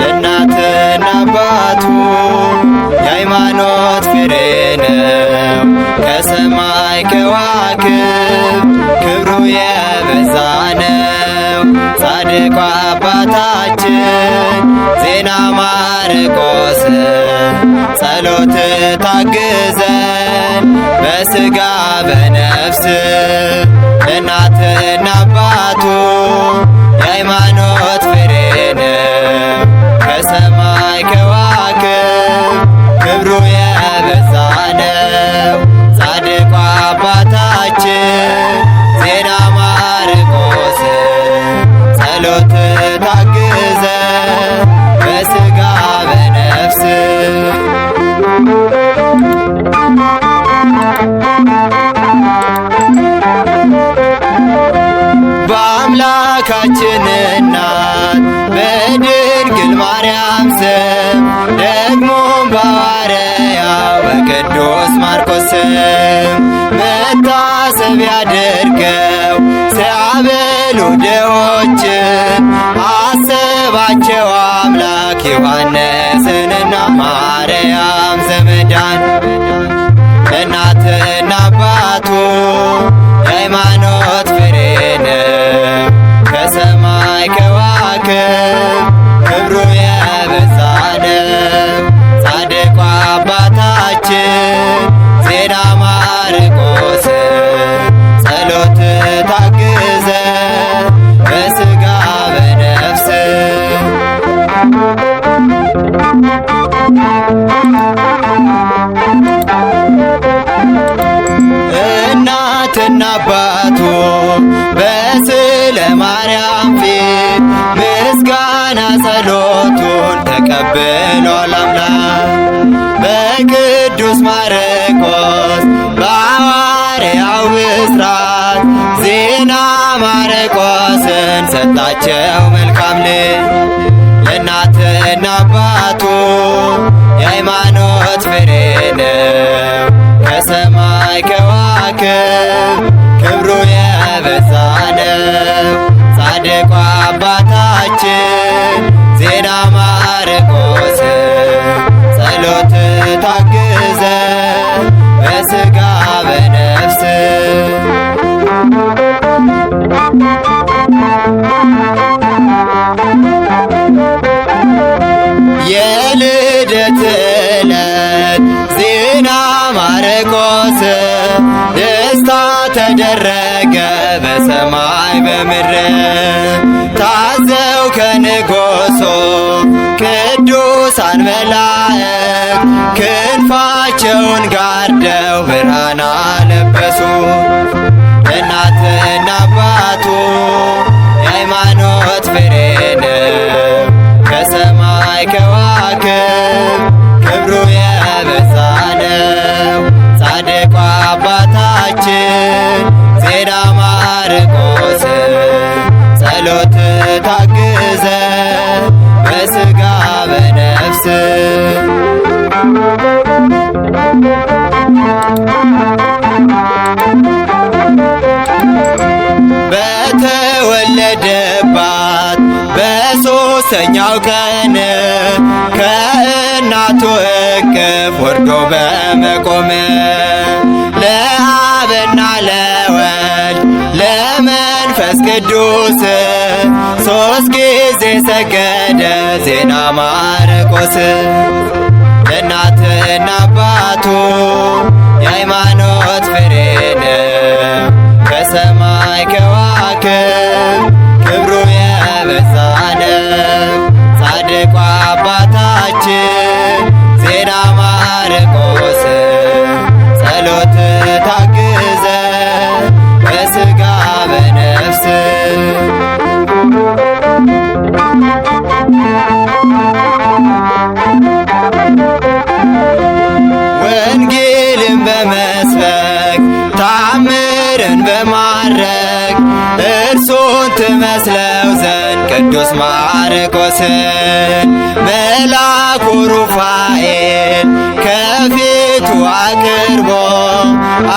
የእናትና አባቱ የሃይማኖት ፍሬ ነው። ከሰማይ ከዋክብ ክብሩ የበዛ ነው። ጻድቁ አባታችን ዜና ማርቆስ ጸሎት ታግ በስጋ በነፍስ ለእናት የአምላካችን እናት በድንግል ማርያም ስም ደግሞ በሐዋርያው በቅዱስ ማርቆስ ስም መታሰቢያ አድርገው ሲያበሉ ድሆችን አሰባቸው አምላክ ዮሐንስንና ማርያም ዘመዳን እናትና አባቱ ሃይማኖት የሚያከብ ክብሩ የበዛለ ጻድቁ አባታችን ዜና ማርቆስ ጸሎት ታግዘ በስጋ በነፍስ እናትና አባቱ በስለ ማርያም ፊት ተቀብሏል አምላክ በቅዱስ ማርቆስ በሐዋርያው ብስራት ዜና ማርቆስን ሰጣቸው መልካም ልጅ ለእናትና አባቱ የሃይማኖት ፍሬ ነው ከሰማይ ከዋክብ ክብሩ የበዛ ነው ጻድቋ ማርቆስ ደስታ ተደረገ በሰማይ በምድር ታዘው ከንጎሶ ቅዱሳን መላእክት ክንፋቸውን ጋርደው ብርሃን በተወለደባት በሦስተኛው ቀን ከእናቱ እቅፍ ወርዶ በመቆም ለአብና ለ ቅዱስ ሶስት ጊዜ ሰገደ ዜና ማርቆስ የእናትና አባቱ የሃይማኖት ፍሬን ከሰማይ ከዋ ሲደረግ እርሱን ትመስለው ዘንድ ቅዱስ ማርቆስን መላኩ ሩፋኤል ከፊቱ አቅርቦ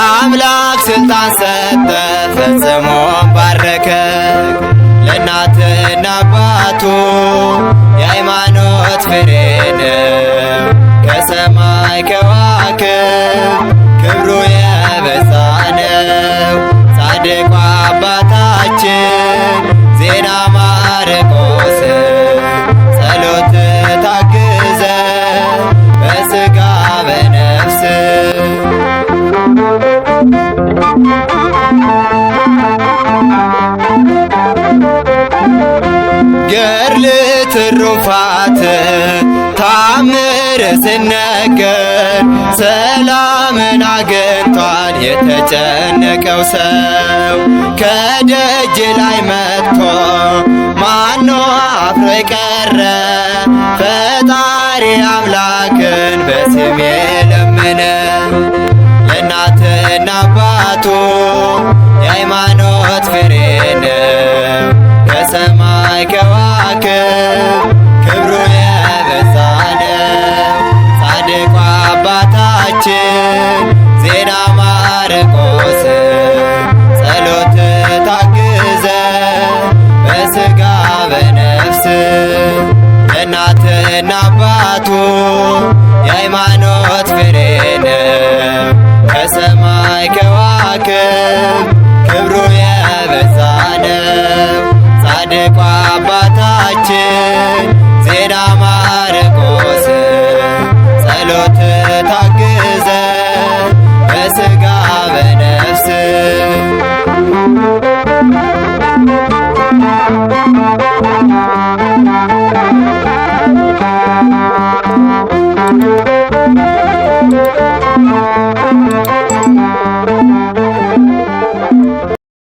አምላክ ስልጣን ሰጠ ፈጽሞ ባረከ ለእናትና አባቱ የሃይማኖት ፍሬ ነው ከሰማይ ከዋክብት ትሩፋት ታምር ሲነገር ሰላምን አግኝቷል የተጨነቀው ሰው ከደጅ ላይ መጥቶ ማኖ አፍሮ የቀረ ፈጣሪ አምላክን በስሜ ለመነ የእናትና አባቱ የሃይማኖት ፍሬ ነው ከሰማይ ከዋክብ እናትና አባቱ የሃይማኖት ፍሬ ከሰማይ ከዋክብ ክብሩ የበዛነ ነው። ጻድቁ አባታችን ዜና ማርቆስ ጸሎት